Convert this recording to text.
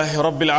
الله رب العالمين